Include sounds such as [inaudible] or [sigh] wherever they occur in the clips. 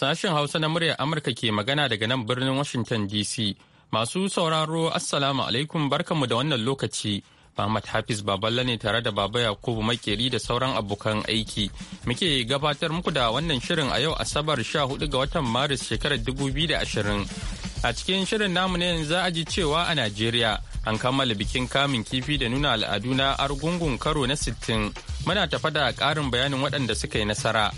Sashen Hausa na muryar Amurka ke magana daga nan birnin Washington DC. Masu sauraro Assalamu alaikum barkanmu da wannan lokaci. Muhammad Hafiz Baballa ne tare da Baba Yakubu Makeri da sauran abokan aiki. Muke gabatar muku da wannan shirin a yau Asabar 14 ga watan Maris shekarar 2020. A cikin shirin namu ne za a ji cewa a Najeriya an kammala bikin kamun kifi da nuna al'adu na argungun karo na 60. Muna tafa da ƙarin bayanin waɗanda suka yi nasara.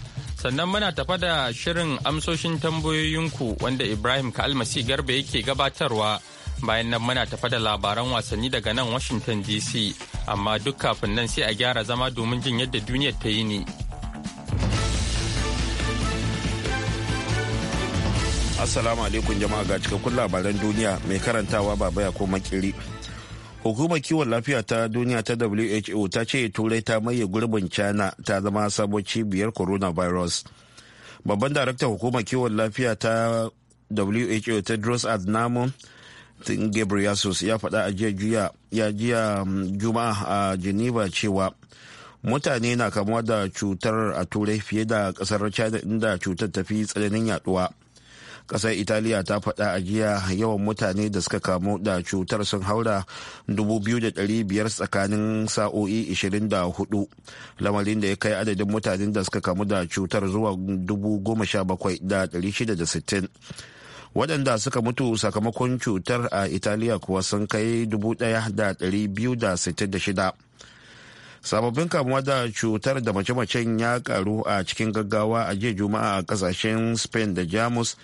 sannan muna tafa da shirin amsoshin tambayoyinku wanda Ibrahim Kalmasi Garba yake gabatarwa. Bayan nan muna tafa da labaran wasanni daga nan Washington DC, amma duk kafin nan sai a gyara zama domin jin yadda duniyar ta yi ne. Assalamu alaikum jama'a ga cikakkun labaran duniya mai karantawa baba ya ko makiri. hukumar kiwon lafiya ta duniya ta who ta ce turai ta maye gurbin china ta zama sabon cibiyar coronavirus babban daraktan hukumar kiwon lafiya ta who ta dros adnamo ghebreyesus ya faɗa a jiya jiya um, juma'a a geneva cewa mutane na kamuwa da cutar a turai fiye da ƙasar china inda cutar ta fi tsananin yaduwa ƙasar italiya ta faɗa a jiya yawan mutane da suka kamu da cutar sun haura 2,500 tsakanin sa'o'i 24 lamarin da ya kai adadin mutanen da suka kamu da cutar zuwa 17,660 waɗanda suka mutu sakamakon cutar a italiya kuwa sun kai 1,266 sababbin kamuwa da cutar da mace-macen ya karu a cikin gaggawa a jiya juma'a a kasashen spain da jamus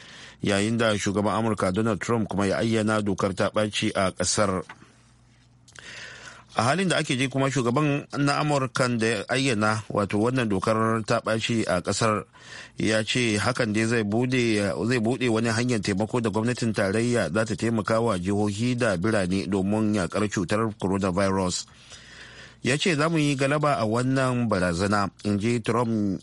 yayin da shugaban amurka donald trump kuma ya ayyana dokar ta ɓaci a ƙasar a halin da ake ji kuma shugaban na amurkan da ya ayyana wato wannan dokar ta ɓaci a ƙasar ya ce hakan dai zai bude wani hanyar taimako da gwamnatin tarayya za ta taimaka wa jihohi da birane domin yakar cutar coronavirus. virus ya ce za mu yi galaba a wannan barazana in ji trump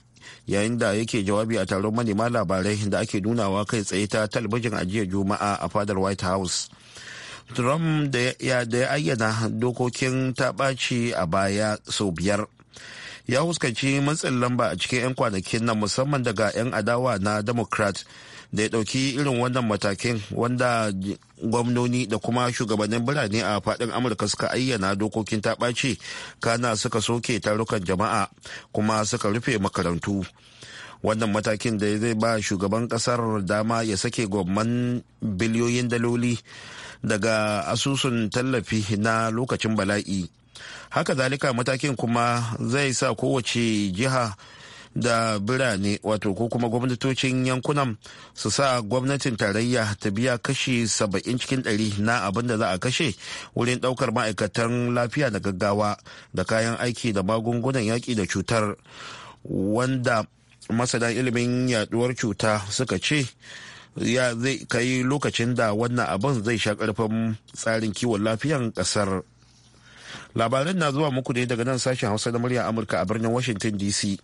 yayin da yake jawabi a taron manema labarai da ake nunawa kai tsaye ta talabijin a jiya juma'a a fadar white house trump da ya ayyana dokokin ta ɓaci a baya sau biyar ya huskanci matsin lamba a cikin 'yan kwanakin nan musamman daga 'yan adawa na democrat da ya ɗauki irin wannan matakin wanda gwamnoni da kuma shugabannin birane a faɗin amurka suka ayyana dokokin taɓaci kana suka soke tarukan jama'a kuma suka rufe makarantu wannan matakin da zai ba shugaban kasar dama ya sake gwamman biliyoyin daloli daga asusun tallafi na lokacin bala'i haka zalika matakin kuma zai sa kowace jiha da birane wato ko kuma gwamnatocin yankunan su sa gwamnatin tarayya ta biya kashi saba'in cikin ɗari na abin da za a kashe wurin ɗaukar ma'aikatan lafiya da gaggawa da kayan aiki da magungunan yaƙi da cutar wanda masana ilimin yaduwar cuta suka ce ya zai kai lokacin da wannan abin zai sha ƙarfin tsarin kiwon lafiyan ƙasar. labarin na zuwa muku ne daga nan sashen hausa da murya amurka a birnin washington dc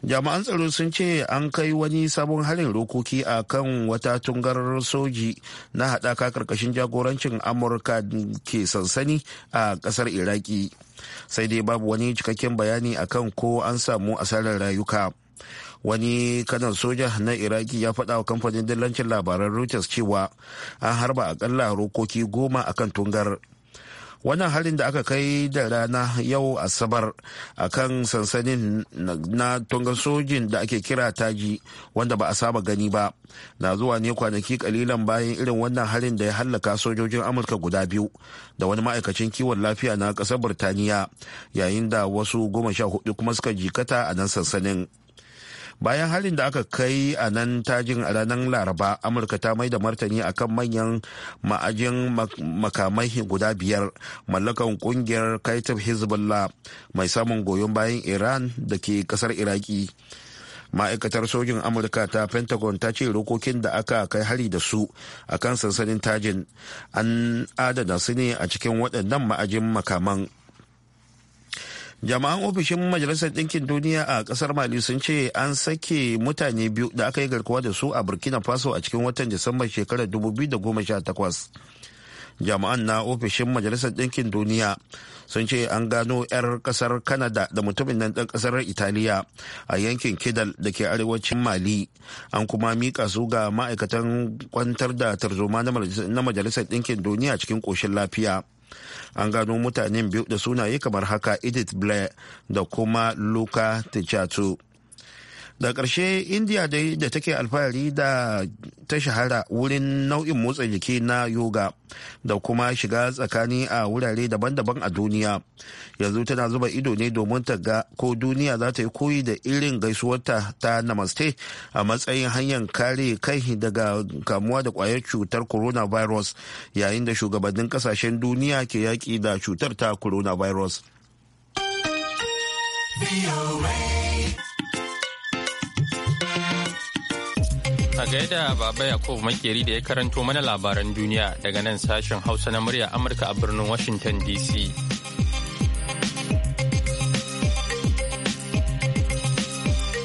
jami'an tsaro sun ce an kai wani sabon halin rokoki a kan wata tungar soji na haɗaka karkashin jagorancin amurka ke sansani a ƙasar iraki sai dai babu wani cikakken bayani a kan ko an samu asarar rayuka wani kanan soja na iraki ya faɗa wa kamfanin dillancin labaran reuters cewa an harba akalla rokoki goma a kan tungar wannan harin da aka kai da rana yau asabar a kan sansanin na tungan sojin da ake kira taji wanda ba a saba gani ba na zuwa ne kwanaki kalilan bayan irin wannan harin da ya hallaka sojojin amurka guda biyu da wani ma'aikacin kiwon lafiya na kasar birtaniya yayin da wasu goma sha hudu kuma suka jikata a nan sansanin bayan halin da aka kai a nan tajin a ranar laraba amurka ta mai da martani akan manyan ma'ajin makamai guda biyar mallakan kungiyar kaitab hezbollah mai samun goyon bayan iran da ke kasar iraki ma'aikatar sojin amurka ta pentagon ta ce rokokin da aka kai hari da su akan sansanin tajin an adana su ne a cikin waɗannan ma'ajin makaman jama'an ofishin majalisar ɗinkin duniya a ƙasar mali sun ce an sake mutane biyu da aka yi garkuwa da su a burkina faso a cikin watan disamba shekarar 2018 jama'an na ofishin majalisar ɗinkin duniya sun ce an gano 'yar ƙasar kanada da mutumin nan ɗan ƙasar italiya a yankin kidal da ke arewacin mali an kuma mika su ga ma'aikatan kwantar da tarzoma na majalisar ɗinkin duniya cikin ƙoshin lafiya an gano mutanen biyu da sunaye kamar haka edith blair da kuma luka tichatu da ƙarshe indiya dai da take alfahari da ta shahara wurin nau'in motsa jiki na yoga da kuma shiga tsakani a wurare daban-daban a duniya yanzu tana zuba ido ne domin ta ga ko duniya za ta yi koyi da irin gaisuwarta ta namaste a matsayin hanyar kare kai daga kamuwa da kwayar cutar coronavirus yayin da shugabannin kasashen duniya ke yaƙi da cutar ta coronavirus. A gaida Baba Yakub Makeri da ya karanto mana labaran duniya daga nan sashen Hausa na murya Amurka a birnin Washington DC.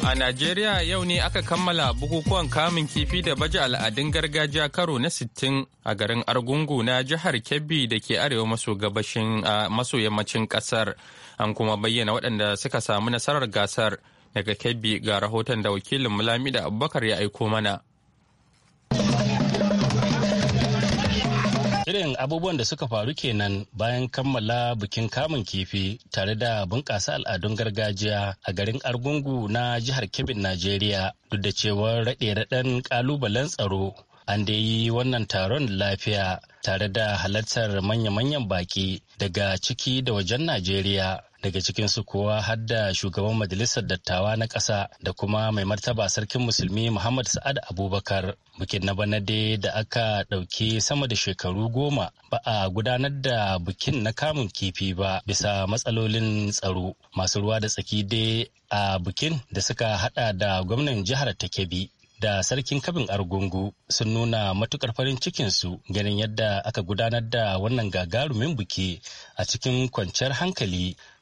A Najeriya yau ne aka kammala bukukuwan kamun kifi da baje al'adun gargajiya karo na 60 a garin Argungu na jihar Kebbi da ke arewa maso gabashin maso yammacin kasar. An kuma bayyana waɗanda suka samu nasarar gasar. Daga Kebbi ga rahoton da wakilin Mulami da Abubakar ya aiko mana. Irin abubuwan da suka faru kenan bayan kammala bikin kamun kifi tare da bunƙasa al'adun gargajiya a garin Argungu na jihar Kebbin Najeriya duk da cewar raɗe-raɗen ƙalubalen tsaro. An da yi wannan taron lafiya tare da halartar manya-manyan baƙi daga ciki da wajen Najeriya. daga cikinsu kuwa har da shugaban majalisar dattawa na ƙasa da kuma mai martaba sarkin musulmi muhammad sa'ad abubakar bikin na bana dai da aka ɗauki sama da shekaru goma ba a gudanar da bikin na kamun kifi ba bisa matsalolin tsaro masu ruwa da tsaki dai a bikin da suka hada da gwamnan jihar ta da sarkin kabin argungu sun nuna matukar farin cikinsu ganin yadda aka gudanar da wannan gagarumin buki a cikin kwanciyar hankali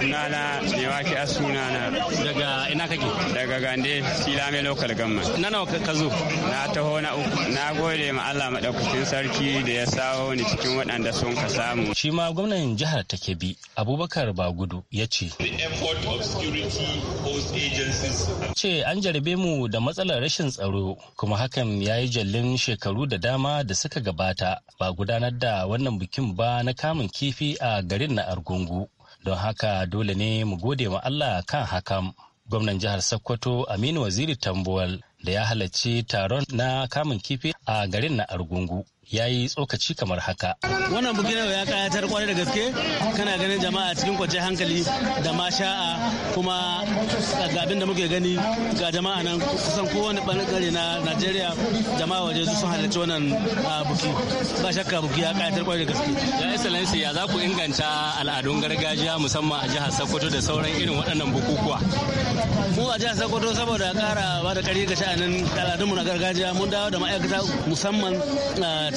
Sunana waki a sunana. Daga ina kake? Daga Gande, mai lokal Gamma. Na nawa ka zo? Na taho na uku. Na gode ma Allah maɗaukakin sarki da ya sawo ni cikin waɗanda sun ka samu. Shi ma gwamnan jihar takebi bi Abubakar Bagudu ya ce. Ce an jarabe mu da matsalar rashin tsaro kuma hakan ya yi jallin shekaru da dama da suka gabata ba gudanar da wannan bikin ba na kamun kifi a garin na Argungu. don haka dole ne mu gode wa Allah kan hakan. Gwamnan jihar Sokoto Aminu Waziri Tambuwal da ya halarci taron na kamun kifi a garin na Argungu ya yi tsokaci kamar haka. Wannan buki na ya kayatar kwarai da gaske kana ganin jama'a cikin kwace hankali da ma sha'a kuma ga da muke gani ga jama'a nan kusan kowane bangare na Najeriya jama'a waje su sun halarci wannan buki ba shakka buki ya kayatar kwarai da gaske. Ya excellency ya za ku inganta al'adun gargajiya musamman a jihar Sokoto da sauran irin waɗannan bukukuwa. Mu a jihar Sokoto saboda ƙara ba da kari ga sha'anin al'adunmu na gargajiya mun dawo da ma'aikata musamman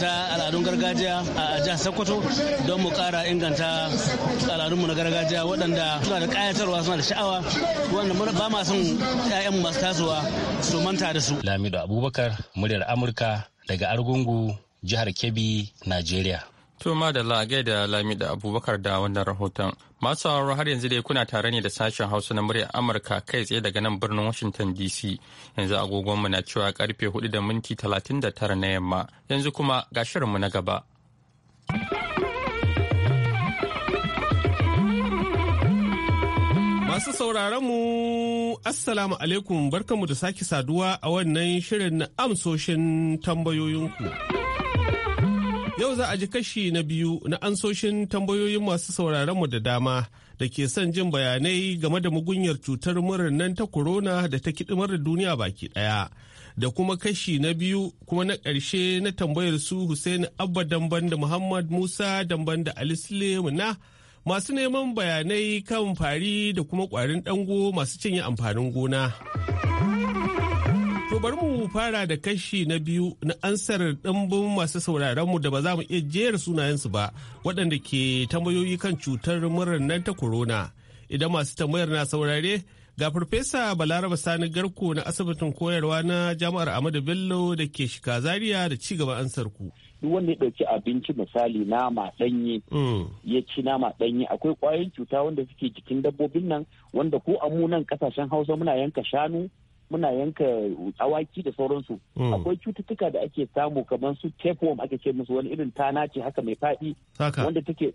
inganta al'adun gargajiya a jihar Sokoto don mu kara inganta al'adunmu na gargajiya waɗanda suna da ƙayatarwa suna da sha'awa wanda ba ma son 'ya'yan masu tasowa su manta da su. Lamido Abubakar muryar Amurka daga Argungu jihar Kebbi, Najeriya. To da gaida da Lamido Abubakar da wannan rahoton. Masu sauraro har yanzu dai kuna tare ne da sashen Hausa na muryar Amurka kai tsaye daga nan birnin Washington DC. Yanzu agogonmu na cewa karfe 4 da minti 39 na yamma. Yanzu kuma ga shirinmu na gaba. Masu sauraron mu Assalamu alaikum barkanmu da sake saduwa a wannan shirin amsoshin tambayoyinku. Yau za a ji kashi na biyu na ansoshin tambayoyin masu sauraron mu da dama da ke son jin bayanai game da mugunyar cutar murar nan ta corona da ta kidimar da duniya baki ɗaya Da kuma kashi na biyu kuma na ƙarshe na tambayar su Hussein Abba Damban da Muhammad Musa Damban da Ali sulemuna na masu neman bayanai kan fari da kuma ƙwarin ɗango masu cinye amfanin gona. To bari mu fara da kashi na biyu na ansar ɗimbin masu mu da ba za mu iya jera sunayensu ba waɗanda ke tambayoyi kan cutar murar nan ta corona. Idan masu tambayar na saurare ga Farfesa Balaraba Sani Garko na asibitin koyarwa na Jami'ar Ahmadu Bello da ke shika Zariya da ci gaban ansar ku. Duk wanda ya ɗauki abinci misali nama ɗanye mm. ya ci nama ɗanye akwai ƙwayoyin cuta wanda suke jikin dabbobin nan wanda ko a mu ƙasashen Hausa muna yanka shanu muna yanka awaki da sauransu mm. akwai cututtuka da ake samu kamar su tapeworm ake ce musu wani irin tana ce haka mai faɗi wanda take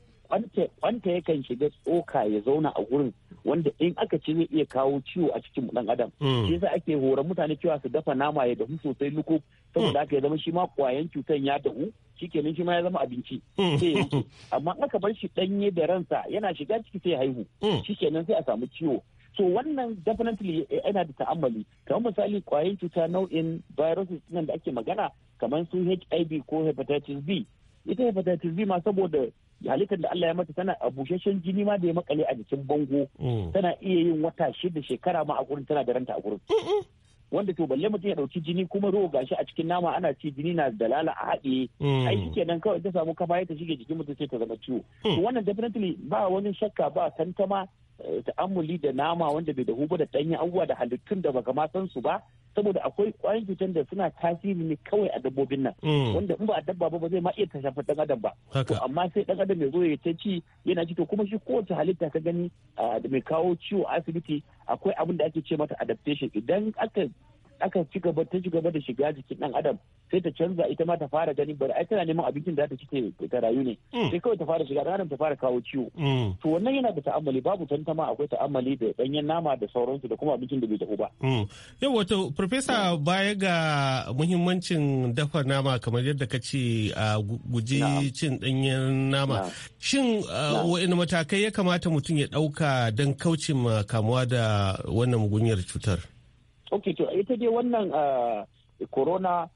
kwanta yakan shiga tsoka ya zauna a gurin wanda in aka ce zai iya kawo ciwo a cikin dan adam mm. shi yasa ake horar mutane cewa su dafa nama ya dahu sosai luko saboda mm. haka ya zama shi ma kwayan cutan ya dahu shikenan shi ma ya zama abinci sai ya amma aka bar shi danye da ransa yana shiga ciki sai haihu shikenan sai a samu ciwo so wannan definitely eh, yana da ta'ammali kamar misali kwayoyin cuta nau'in viruses nan da ake magana kamar su hiv ko hepatitis b ita hepatitis b ma saboda halittar da Allah ya mata tana a busheshen jini ma da ya makale a jikin bango mm. tana iya yin wata shida shekara ma a gurin tana da ranta a gurin wanda to balle mutum ya dauki jini kuma ruwa gashi a cikin nama ana ci jini na dalala a haɗe mm. ai kenan kawai ta samu kafa ta shige jikin mutum sai ta zama ciwo mm. to wannan definitely ba wani shakka ba tantama Eh, ta'amuli da nama wanda bai dahu ba da ɗanye abubuwa da halittun da baka ma san su ba saboda akwai kwayoyin cutar da suna tasiri ne kawai a dabbobin nan mm. wanda in ba a dabba ba zai ma iya ta shafi dan adam ba to amma sai dan adam ya zo ya ta ci yana ci to kuma shi kowace halitta ka gani da ah, mai kawo ciwo asibiti akwai abin da ake ce mata adaptation idan aka aka ci gaba ta ci gaba da shiga jikin dan adam sai ta canza ita ma ta fara gani bari ai tana neman abincin da za ta ci ta rayu ne mm. sai kawai ta fara shiga dan adam ta fara kawo ciwo mm. to wannan yana da ta'ammali babu tantama akwai ta'ammali da danyen nama da sauransu da kuma abincin da bai dafu ba mm. yau wato professor baya ga muhimmancin dafa nama kamar yadda ka ce a guji cin danyen nama shin uh, wa'in matakai ya kamata mutum ya dauka don kauce ma kamuwa da wannan mugunyar cutar ok to ita dai wannan ah, corona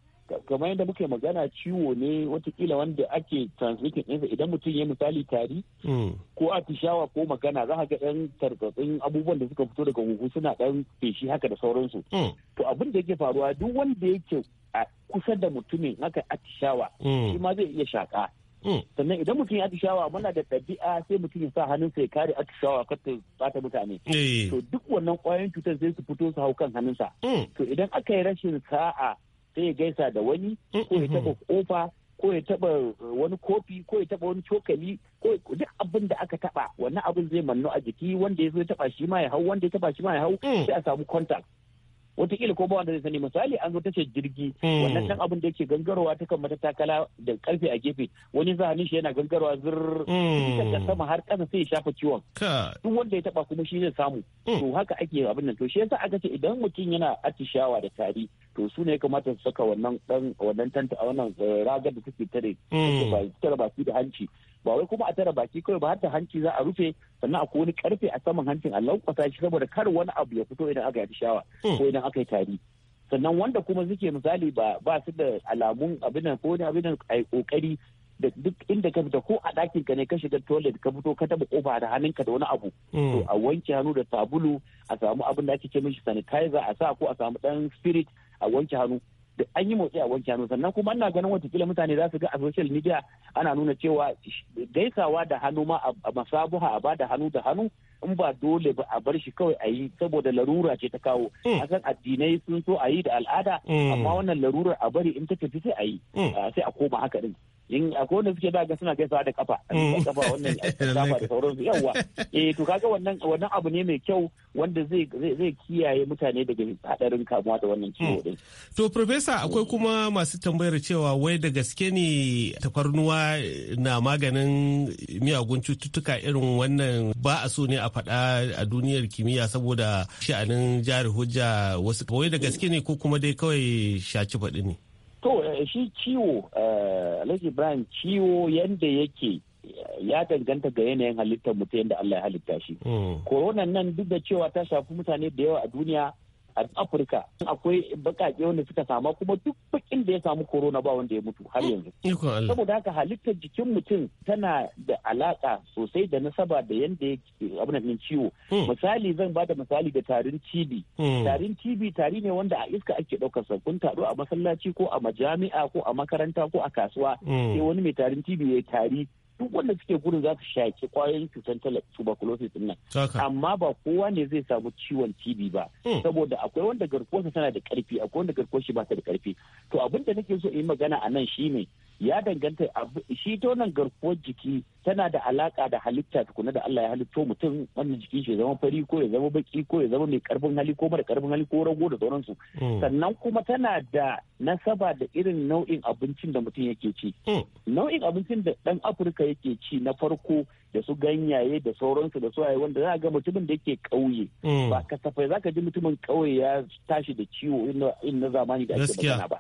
kamar yadda muka magana ciwo ne watakila wanda ake transmitting ɗinsa idan mutum ya misali tari hmm. ko atishawa ko magana za ka ga ɗan tarkatsin abubuwan da suka fito daga huhu suna ɗan feshi haka da sauransu hmm. to abin da yake faruwa duk wanda yake a kusa da mutumin haka atishawa hmm. shi ma zai iya shaƙa Mm. sannan idan mutum ya atishawa muna da ɗabi'a sai mutum ya sa hannunsa ya kare atishawa kar ta bata mutane eh. to duk wannan ƙwayoyin cutar sai su fito su hau kan hannunsa mm. to idan aka yi rashin sa'a sai ya gaisa da wani mm, ko ya taɓa kofa ko ya taba wani kofi ko ya taba wani cokali ko duk abin da aka taba wannan abin zai manno a jiki wanda ya zo taba shi ma ya hau wanda ya taba shi ma ya hau sai a samu contact wataƙila ko ba wanda zai sani misali an zo tashar jirgi hmm. wannan nan abin da yake gangarowa ta kan mata takala da karfe a gefe wani za hannun shi yana gangarowa zur hmm. da sama har ƙasa sai ya shafa ciwon duk wanda ya taba kuma shi zai samu hmm. to haka ake abin nan to shi yasa aka ce idan mutum yana atishawa da tari to su ne kamata su saka wannan dan wannan tanta a wannan eh, ragar da take tare ba su da hanci ba wai kuma a tara baki kawai ba har da hanci za a rufe sannan akwai wani karfe a saman hancin a lankwasa shi saboda kar wani abu ya fito idan aka yi shawa hmm. ko idan aka yi tari sannan wanda kuma suke misali ba ba su da alamun abin nan ko wani abin nan ai kokari da duk inda ka fita ko a ɗakin ka ne ka shiga toilet ka fito ka taba kofa da hannun ka da wani abu hmm. to a wanke hannu da sabulu a samu abin da ake ce mishi sanitizer a sa ko a samu dan spirit a wanke hannu da an yi motsi a wanke hannu sannan kuma ana ganin watakila mutane za su ga a social media ana nuna cewa gaisawa da hannu ma a masabuha a bada hannu da hannu in ba dole ba a bar shi kawai a yi saboda larura ce ta kawo mm. a san addinai sun so a yi da al'ada mm. amma wannan larurar a bari in ta tafi sai a yi mm. ah, sai a koma haka din in akwai wanda suke daga suna gaisawa da kafa mm. kafa wannan [laughs] kafa da sauransu yawa eh to kaga wannan wannan abu ne mai kyau wanda zai zai kiyaye mutane daga hadarin kamuwa da wannan ciwo mm. din to professor akwai kuma masu tambayar cewa wai da gaske ne tafarnuwa na maganin miyagun cututtuka irin wannan ba a so ne a faɗa a duniyar kimiyya saboda sha'anin jari hujja wasu kawai da gaske ne ko kuma dai kawai shaci faɗi ne To eh, shi ciwo eh, Alhaji Ibrahim ciwo yadda yake ya danganta ga yanayin halittar mutum yadda Allah ya halitta shi. Koronan hmm. nan duk da cewa ta shafi mutane da yawa a duniya a afirka akwai bakake wanda suka sama kuma duk bakin da ya samu korona ba wanda ya mutu har yanzu saboda haka halittar jikin mutum tana da alaka sosai da nasaba da yanda ya abin nan ciwo hmm. misali zan ba da misali da tarin tibi. Hmm. tarin tibi tari ne wanda a iska ake daukar sa kun taro a masallaci ko a majami'a ko a makaranta ko a kasuwa hmm. sai wani mai tarin cibi ya tari duk wanda suke gurin za su shaki kwayoyin cutar tuberculosis nan amma ba kowa ne zai samu ciwon TB ba hmm. saboda akwai wanda garkuwarsa tana da karfi akwai wanda garkuwar shi ba ta da karfi to abin da nake so in yi magana a nan shine ya danganta shi ta wannan garkuwar jiki tana da alaka da halitta tukuna da Allah ya halitto mutum wannan jiki shi zama fari ko ya zama baki ko ya zama mai karfin hali ko mara karfin hali ko rago da sauransu hmm. sannan kuma tana da nasaba da irin nau'in abincin da mutum yake ci hmm. nau'in abincin da dan Afirka yake ci na farko da su ganyaye da sauransu da su wanda za ga mutumin da yake kauye hmm. ba kasafai ka ji mutumin kauye ya tashi da ciwo in na zamani da ake magana ba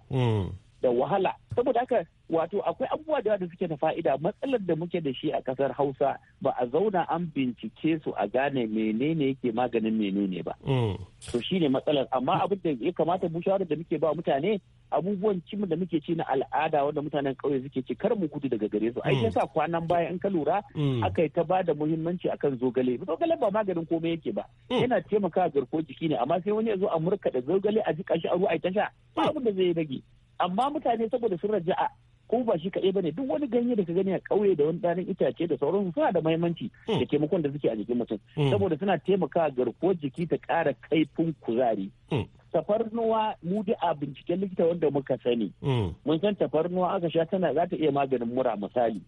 da wahala saboda haka wato akwai abubuwa da da suke da fa'ida matsalar da muke da shi a kasar hausa ba a zauna an bincike su a gane menene yake maganin menene ba mm. to shine matsalar amma abin da ya kamata mu shawara da muke ba mutane abubuwan cimin da muke ci na al'ada wanda mutanen kauye suke ci kar mu gudu daga gare su ai mm. yasa kwanan baya in ka lura mm. aka yi ta bada muhimmanci akan zogale zogale ba maganin komai yake ba yana taimakawa garkuwar jiki ne amma sai wani ya zo a murkaɗa zogale a ji shi a ruwa a tasha ba abin da zai rage amma mutane saboda sun raja'a ko ba shi kaɗai bane duk wani ganye da ka gani a ƙauye da wani ɗanin itace da sauransu suna da mahimmanci hmm. da taimakon da suke a jikin mutum hmm. saboda suna taimakawa garkuwar jiki ta ƙara kaifin kuzari hmm. tafarnuwa mu da a binciken likita wanda muka sani mun san tafarnuwa aka sha tana za ta iya maganin mura misali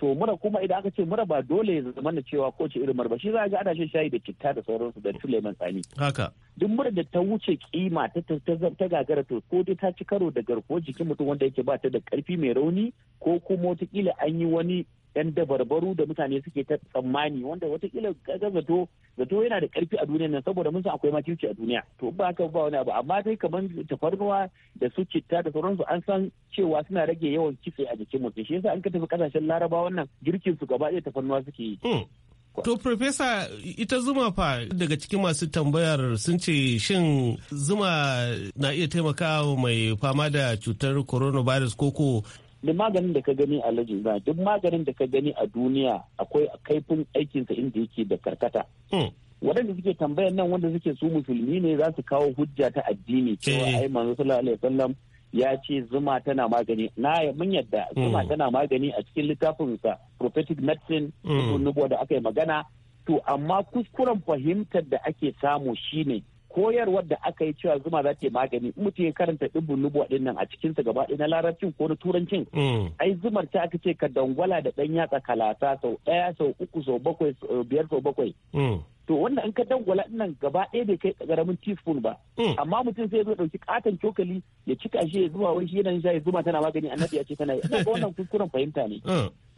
to mura kuma idan aka ce mura ba dole ya zama na cewa ko ce irin marba shi za ga ana shan shayi da citta da sauransu da suleiman tsani haka duk mura da ta wuce kima ta ta gagara to ko dai ta ci karo da garkuwar jikin mutum wanda yake ba ta da karfi mai rauni ko kuma watakila an yi wani yan dabarbaru da mutane suke ta tsammani wanda watakila kaga zato zato yana da karfi a duniya nan saboda mun san akwai makirci a duniya to ba haka ba wani abu amma dai kamar tafarnuwa da su citta da sauransu an san cewa suna rage yawan kitse a jikin mutum shi yasa an ka tafi kasashen laraba wannan girkin su gaba ɗaya tafarnuwa suke yi hmm. To, Profesa, ita zuma fa daga cikin masu tambayar sun ce shin zuma na iya taimakawa mai fama da cutar coronavirus koko duk maganin da ka gani a lajin ba duk maganin da ka gani a duniya akwai kaifin aikinsa inda yake da karkata hmm. waɗanda suke tambayan nan wanda suke su musulmi ne za su kawo hujja ta addini cewa eh. ai manzo sallallahu alaihi wasallam ya ce zuma tana magani na mun yadda hmm. zuma tana magani a cikin littafin sa prophetic medicine hmm. nubuwa da aka yi magana to amma kuskuren fahimtar da ake samu shine koyarwar da aka yi cewa zuma za ta yi magani in mutum ya karanta ɗibbin nubu ɗin nan a cikinsa gaba ɗaya na larabcin ko na turancin mm. ai zumar ta aka ce ka dangwala da ɗan yatsa kalata sau ɗaya sau uku sau bakwai sau eh, biyar sau bakwai mm. to wannan in ka dangwala nan gaba ɗaya bai kai karamin teaspoon ba mm. amma mutum sai ya zo ɗauki katon cokali ya cika shi ya zuba wai shi yana shayi zuma tana magani annabi ya ce tana yi ina ga wannan kuskuren fahimta ne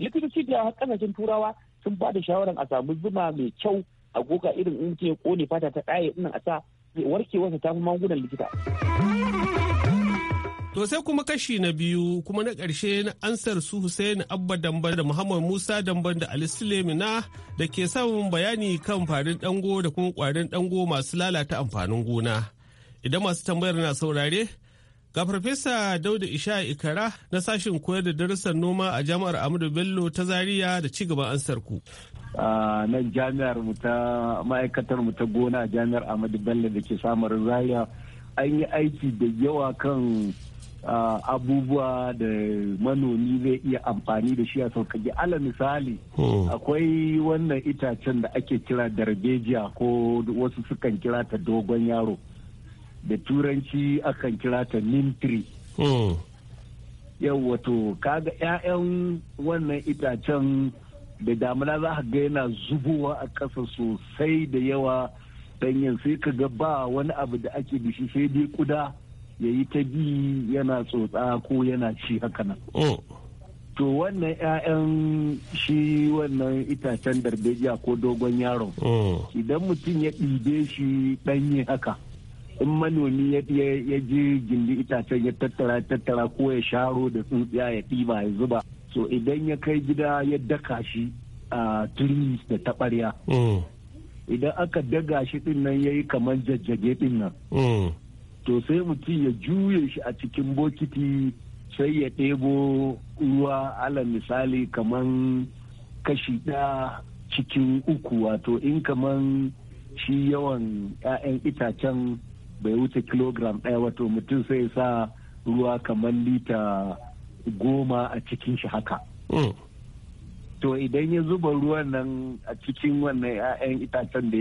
likitoci da kasashen turawa sun ba da shawaran a samu zuma mai kyau a goga irin in mutum kone fata ta ɗaya ɗin a sa warkewarsa ta fi magungunan likita. To sai kuma kashi na biyu kuma na ƙarshe na ansar su Hussein Abba Damban da Muhammad Musa Damban da Ali Sulemina da ke samun bayani kan farin dango da kuma ƙwarin dango masu lalata amfanin gona. Idan masu tambayar na saurare, Ga Farfesa Dauda Isha Ikara na sashen koyar da darussan noma a Jami'ar Amadu Bello ta zariya da cigaban ansar ku. nan jami'ar mu ta ma'aikatar mu ta gona jami'ar Amadu Bello da ke samar Zaria an yi aiki da yawa kan abubuwa da manomi zai iya amfani da shi a sauƙaƙe ala misali hmm. akwai wannan itacen da ake kira darbejiya ko wasu sukan kira ta dogon yaro. da turanci akan kira ta nintri hmm. yau wato kaga 'ya'yan wannan itacen da damuna za ka ga yana zubowa a ƙasa sosai da yawa ɗanyen sai ka ga ba wani abu da ake bishi sai dai kuda ya yi ta bi yana tsotsa ko yana ci haka nan. Hmm. To wannan 'ya'yan shi wannan itacen darbejiya ko dogon yaron. Hmm. Idan mutum ya ɗibe shi ɗanye haka. in manomi ya je gindi itacen ya tattara ya tattara ko ya sharo da tsuntsiya ya ɗiba ya zuba so idan ya kai gida ya daka shi a turmi da taɓarya mm. idan aka daga shi ɗin nan ya yi kamar jajjage ɗin nan mm. to sai mutum ya juye shi a cikin bokiti sai ya ɗebo ruwa ala misali kamar kashi ɗaya cikin uku wato in kamar shi yawan 'ya'yan itacen bai wuce kilogram ɗaya wato mutum sai sa ruwa kamar lita goma a cikin shi haka. Mm. To idan ya zuba ruwan nan a cikin wannan 'ya'yan itacen da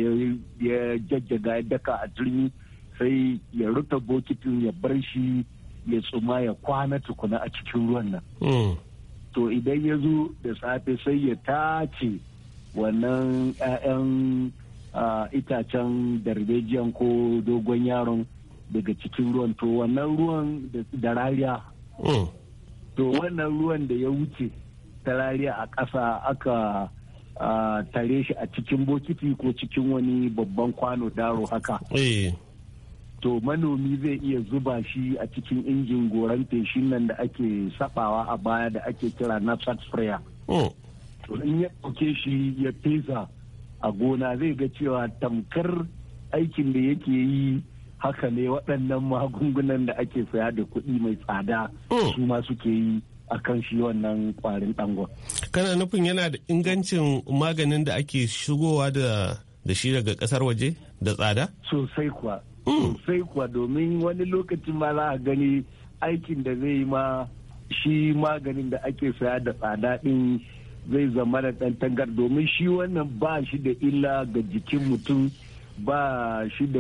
ya jajjaga daka a turmi sai ya rufe bokitin ya bar shi ya tsuma ya kwana tukuna a cikin ruwan nan. Mm. To idan ya zo da safe sai ya tace wannan 'ya'yan itacen darbejiyan ko dogon yaron daga cikin ruwan to wannan ruwan da rariya hmm. to wannan ruwan da ya wuce ta rariya a ƙasa aka tare shi a cikin bokiti ko cikin wani babban kwano daro haka eh. to manomi zai iya zuba shi a cikin injin goran feshin nan da ake sabawa a baya da ake kira na sprayer hmm. to in ya ɗauke shi ya fesa a gona zai ga cewa tamkar aikin da yake yi haka ne waɗannan magungunan da ake saya da kuɗi mai tsada oh. su ma suke yi a kan shi wannan ƙwarin ɗangon. kana nufin yana da ingancin maganin da ake shigowa da shi daga ƙasar waje da tsada? sosai kuwa hmm. sosai kuwa domin wani lokacin ma za a gani aikin da zai ma shi maganin da ake saya da tsada ɗin zai zama da ɗan tangar domin shi wannan ba shi da illa ga jikin mutum ba shi da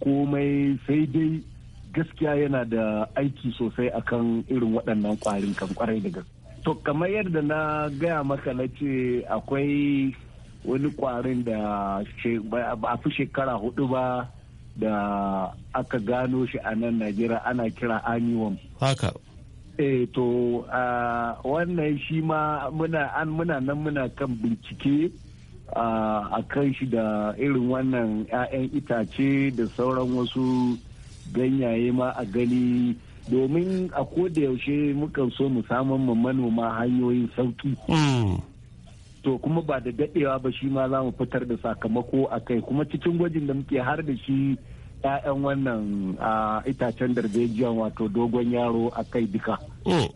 komai sai dai gaskiya yana da aiki sosai akan irin waɗannan kwarin kan kwarai da To kamar yadda na gaya maka na ce akwai wani kwarin da ba fi shekara hudu ba da aka gano shi a nan Najeriya ana kira aniwam. eh to wannan shi ma muna an muna nan muna kan bincike a kan shi da irin wannan 'ya'yan itace da sauran wasu ganyaye ma a gani domin a koda yaushe mukan so mu samun mu manoma hanyoyin sauki mm. to kuma ba da dadewa ba shi ma za mu fitar da sakamako a kai kuma cikin gwajin da muke har da shi 'ya'yan wannan ah, itacen darbejiyan wato dogon yaro a kai duka. Mm.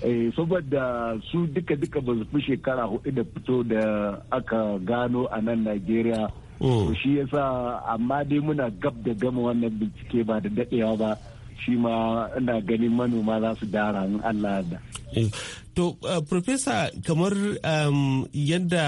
Eh, saboda su duka-duka ba su fi shekara hudu da fito da aka gano a nan Najeriya. Mm. Shi yasa amma dai muna gab da gama wannan bincike ba da daɗewa ba shi ma ina ganin manoma za su dara in Allah da. Eh, to, uh, Profesa, kamar yadda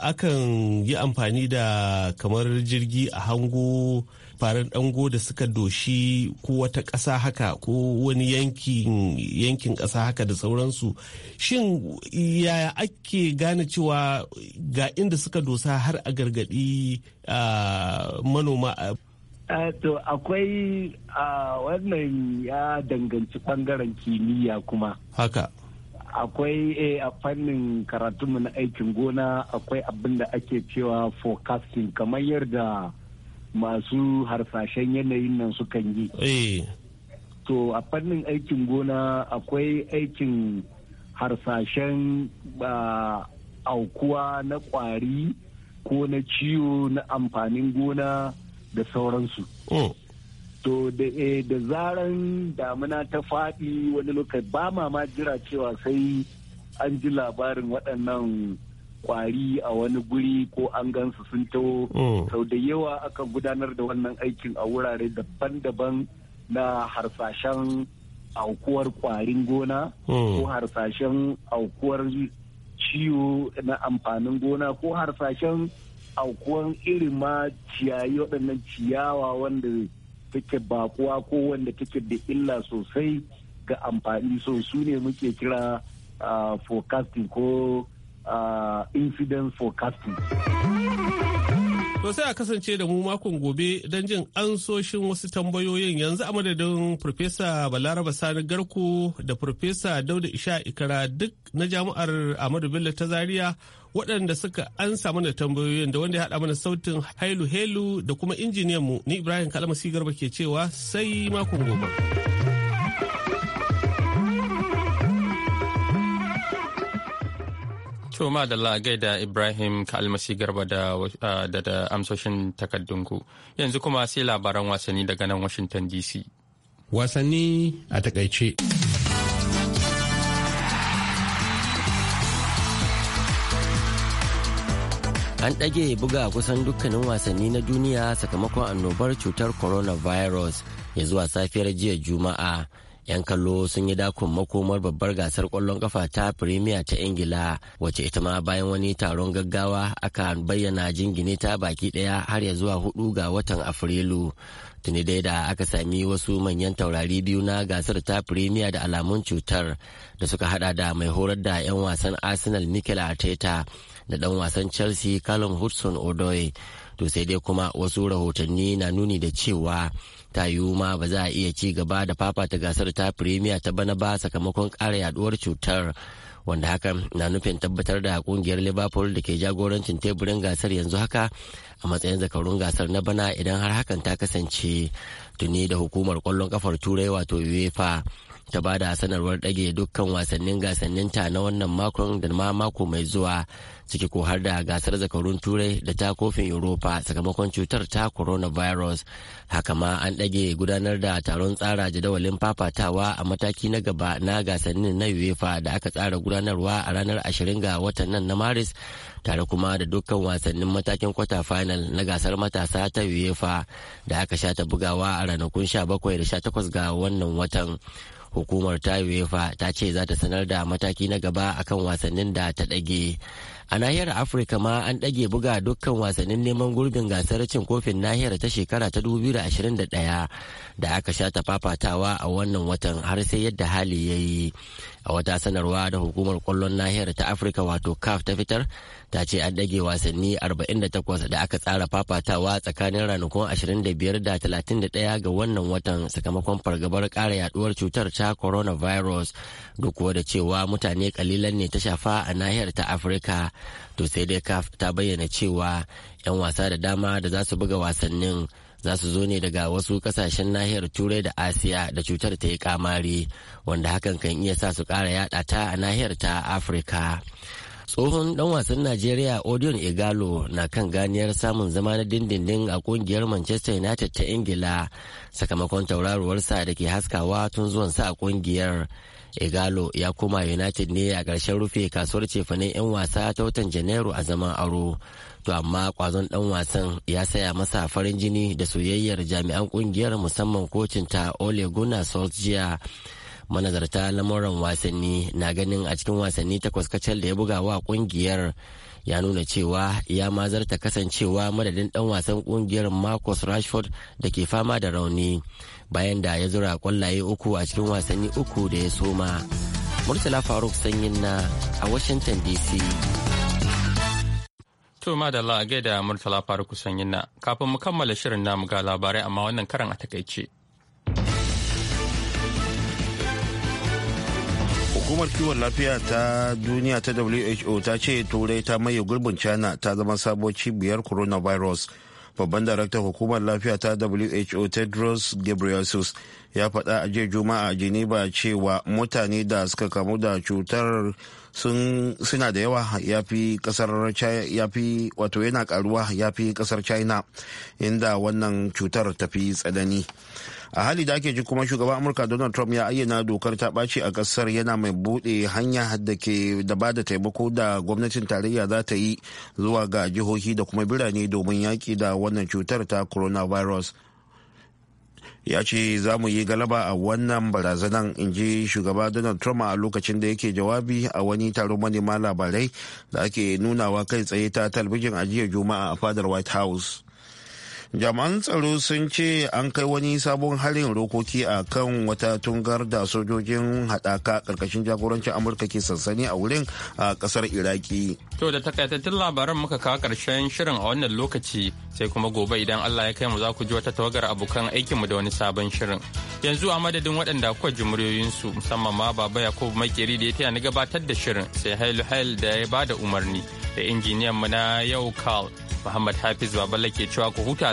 akan yi amfani da kamar jirgi a hango faran dango da suka doshi ko wata ƙasa haka ko wani yankin ƙasa haka da sauransu. Shin yaya ake gane cewa ga inda suka dosa har a gargaɗi uh, manoma to akwai wannan ya danganci bangaren kimiyya kuma haka akwai eh, a fannin karatunmu na aikin gona akwai abin da ake cewa forecasting kamar yadda masu harsashen yanayin nan sukan yi eh. to a fannin aikin gona akwai aikin harsashen aukuwa na kwari ko na ciwo na amfanin gona da sauransu oh. to da eh, zaran damina ta faɗi wani lokaci ba ma ma jira cewa sai an ji labarin waɗannan kwari a wani guri ko an gansu sun taho oh. sau da yawa aka gudanar da wannan aikin a wurare daban-daban na harsashen aukuwar kwarin gona ko oh. harsashen aukuwar ciwo na amfanin gona ko harsashen aukuwan irin ma ciyayi waɗannan ciyawa wanda take bakuwa ko wanda take da illa sosai ga amfani so su ne muke kira ah, forecasting ko ah, incident forecasting. To sai a kasance da mu makon gobe don jin ansoshin wasu tambayoyin yanzu a madadin farfesa Balaraba Sani Garko da farfesa Dauda Isha Ikara duk na jami'ar Ahmadu Bello ta Zaria waɗanda suka ansa mana tambayoyin da wanda ya haɗa mana sautin Hailu Helu da kuma injiniyanmu ni Ibrahim Kalmasi Garba ke cewa sai makon gobe. To madalla gaida Ibrahim ka almasi Garba da, da, da amsoshin takardunku. Yanzu kuma sai labaran wasanni daga nan Washington DC. Wasanni a takaice. An ɗage buga kusan dukkanin wasanni na duniya sakamakon annobar cutar coronavirus ya zuwa safiyar jiya Juma'a. 'yan kallo sun yi dakon makomar babbar gasar kwallon kafa ta premier ta ingila wacce ita ma bayan wani taron gaggawa aka bayyana jingine ta baki daya har ya zuwa hudu ga watan afrilu tuni dai da aka sami wasu manyan taurari biyu na gasar ta premier da alamun cutar da suka hada da mai horar da 'yan wasan arsenal mikel arteta da dan wasan chelsea callum hudson odoi to sai dai kuma wasu rahotanni na nuni da cewa ta ma ba za a iya ci gaba da fafata gasar ta firimiya ta bana ba sakamakon kara yaduwar cutar wanda hakan na nufin tabbatar da kungiyar liverpool da ke jagorancin teburin gasar yanzu haka a matsayin zakarun gasar na bana idan har hakan ta kasance tuni da hukumar kwallon kafar turai wato uefa ta bada sanarwar ɗage dukkan wasannin gasanninta na wannan makon da ma mako mai zuwa ciki ko har da gasar zakarun turai da ta kofin europa sakamakon cutar ta coronavirus haka ma an ɗage gudanar da taron tsara jadawalin fafatawa a mataki na gaba na gasannin na uefa da aka tsara gudanarwa a ranar 20 ga watan nan na maris tare kuma da dukkan wasannin matakin kwata final na gasar matasa ta uefa da aka sha ta bugawa a ranakun 17 da 18 ga wannan watan hukumar ta uefa ta ce za ta sanar da mataki na gaba akan wasannin da ta ɗage a nahiyar afirka ma an ɗage buga dukkan wasannin neman gurbin gasar cin kofin nahiyar ta shekara ta 2021 da aka sha ta fafatawa a wannan watan har sai yadda hali ya yi a wata sanarwa da hukumar kwallon nahiyar ta afirka wato caf ta fitar ta ce an ɗage wasanni 48 da aka tsara fafatawa tsakanin ranakun 25 da 31 ga wannan watan sakamakon fargabar ƙara yaduwar cutar ta coronavirus duk da cewa mutane kalilan ne ta shafa a nahiyar ta afirka to sai dai caf ta bayyana cewa 'yan wasa da dama da za su buga wasannin za su zo ne daga wasu kasashen nahiyar turai da asiya da cutar ta yi kamari wanda hakan kan iya sa su kara yada ta a nahiyar ta afirka tsohon dan wasan najeriya odion igalo na kan ganiyar samun zama na dindindin a kungiyar manchester united ta ingila sakamakon tauraruwarsa da ke haskawa tun zuwansa a kungiyar igalo ya koma united ne a ƙarshen rufe kasuwar cefanen 'yan wasa ta watan janairu a zaman aro to amma kwazon dan wasan ya saya masa farin jini da soyayyar jami'an kungiyar musamman kocin ta ole gunnar solskjaer manazarta lamuran wasanni na ganin a cikin wasanni takwas kacal da ya buga wa kungiyar ya nuna cewa ya mazarta kasancewa madadin dan wasan kungiyar marcus rashford da ke fama da rauni bayan da ya zura kwallaye uku a cikin wasanni uku da ya soma murtala faruk sanyin na a washington dc to madalla a gaida murtala faruk sanyin na kafin mu kammala shirin namu ga labarai amma wannan karan a takaice hukumar kiwon lafiya ta duniya ta who ta ce turai ta maye gurbin china ta zama sabuwar cibiyar coronavirus babban daraktan hukumar lafiya ta who tedros ghebreyesus ya faɗa a jiya juma'a a geneva cewa mutane da suka kamu da cutar suna da yawa ya fi kasar ya fi wato yana karuwa ya fi kasar china inda wannan cutar ta fi tsanani a hali da ake ji kuma shugaban amurka donald trump ya ayyana dokar ta ɓaci a ƙasar yana mai buɗe hanya da ke da ba da taimako da gwamnatin tarayya za ta yi zuwa ga jihohi da kuma birane domin yaƙi da wannan cutar ta coronavirus ya ce za mu yi galaba a wannan barazanan in ji shugaba donald trump a lokacin da yake jawabi a wani taron manema labarai da ake nunawa kai tsaye ta talabijin a jiya juma'a a fadar white house jami'an tsaro sun ce an kai wani sabon halin rokoki a kan wata tungar da sojojin haɗaka ƙarƙashin jagorancin amurka ke sansani a wurin a ƙasar iraki to da takaitattun labaran muka kawo ƙarshen shirin a wannan lokaci sai kuma gobe idan allah ya kai mu za ku ji wata tawagar abokan mu da wani sabon shirin yanzu a madadin waɗanda kuka ji muryoyinsu musamman ma baba yakubu makeri da ya taya ni gabatar da shirin sai hailu hail da ya bada umarni da injiniyan mu na yau karl muhammad hafiz babalake cewa ku huta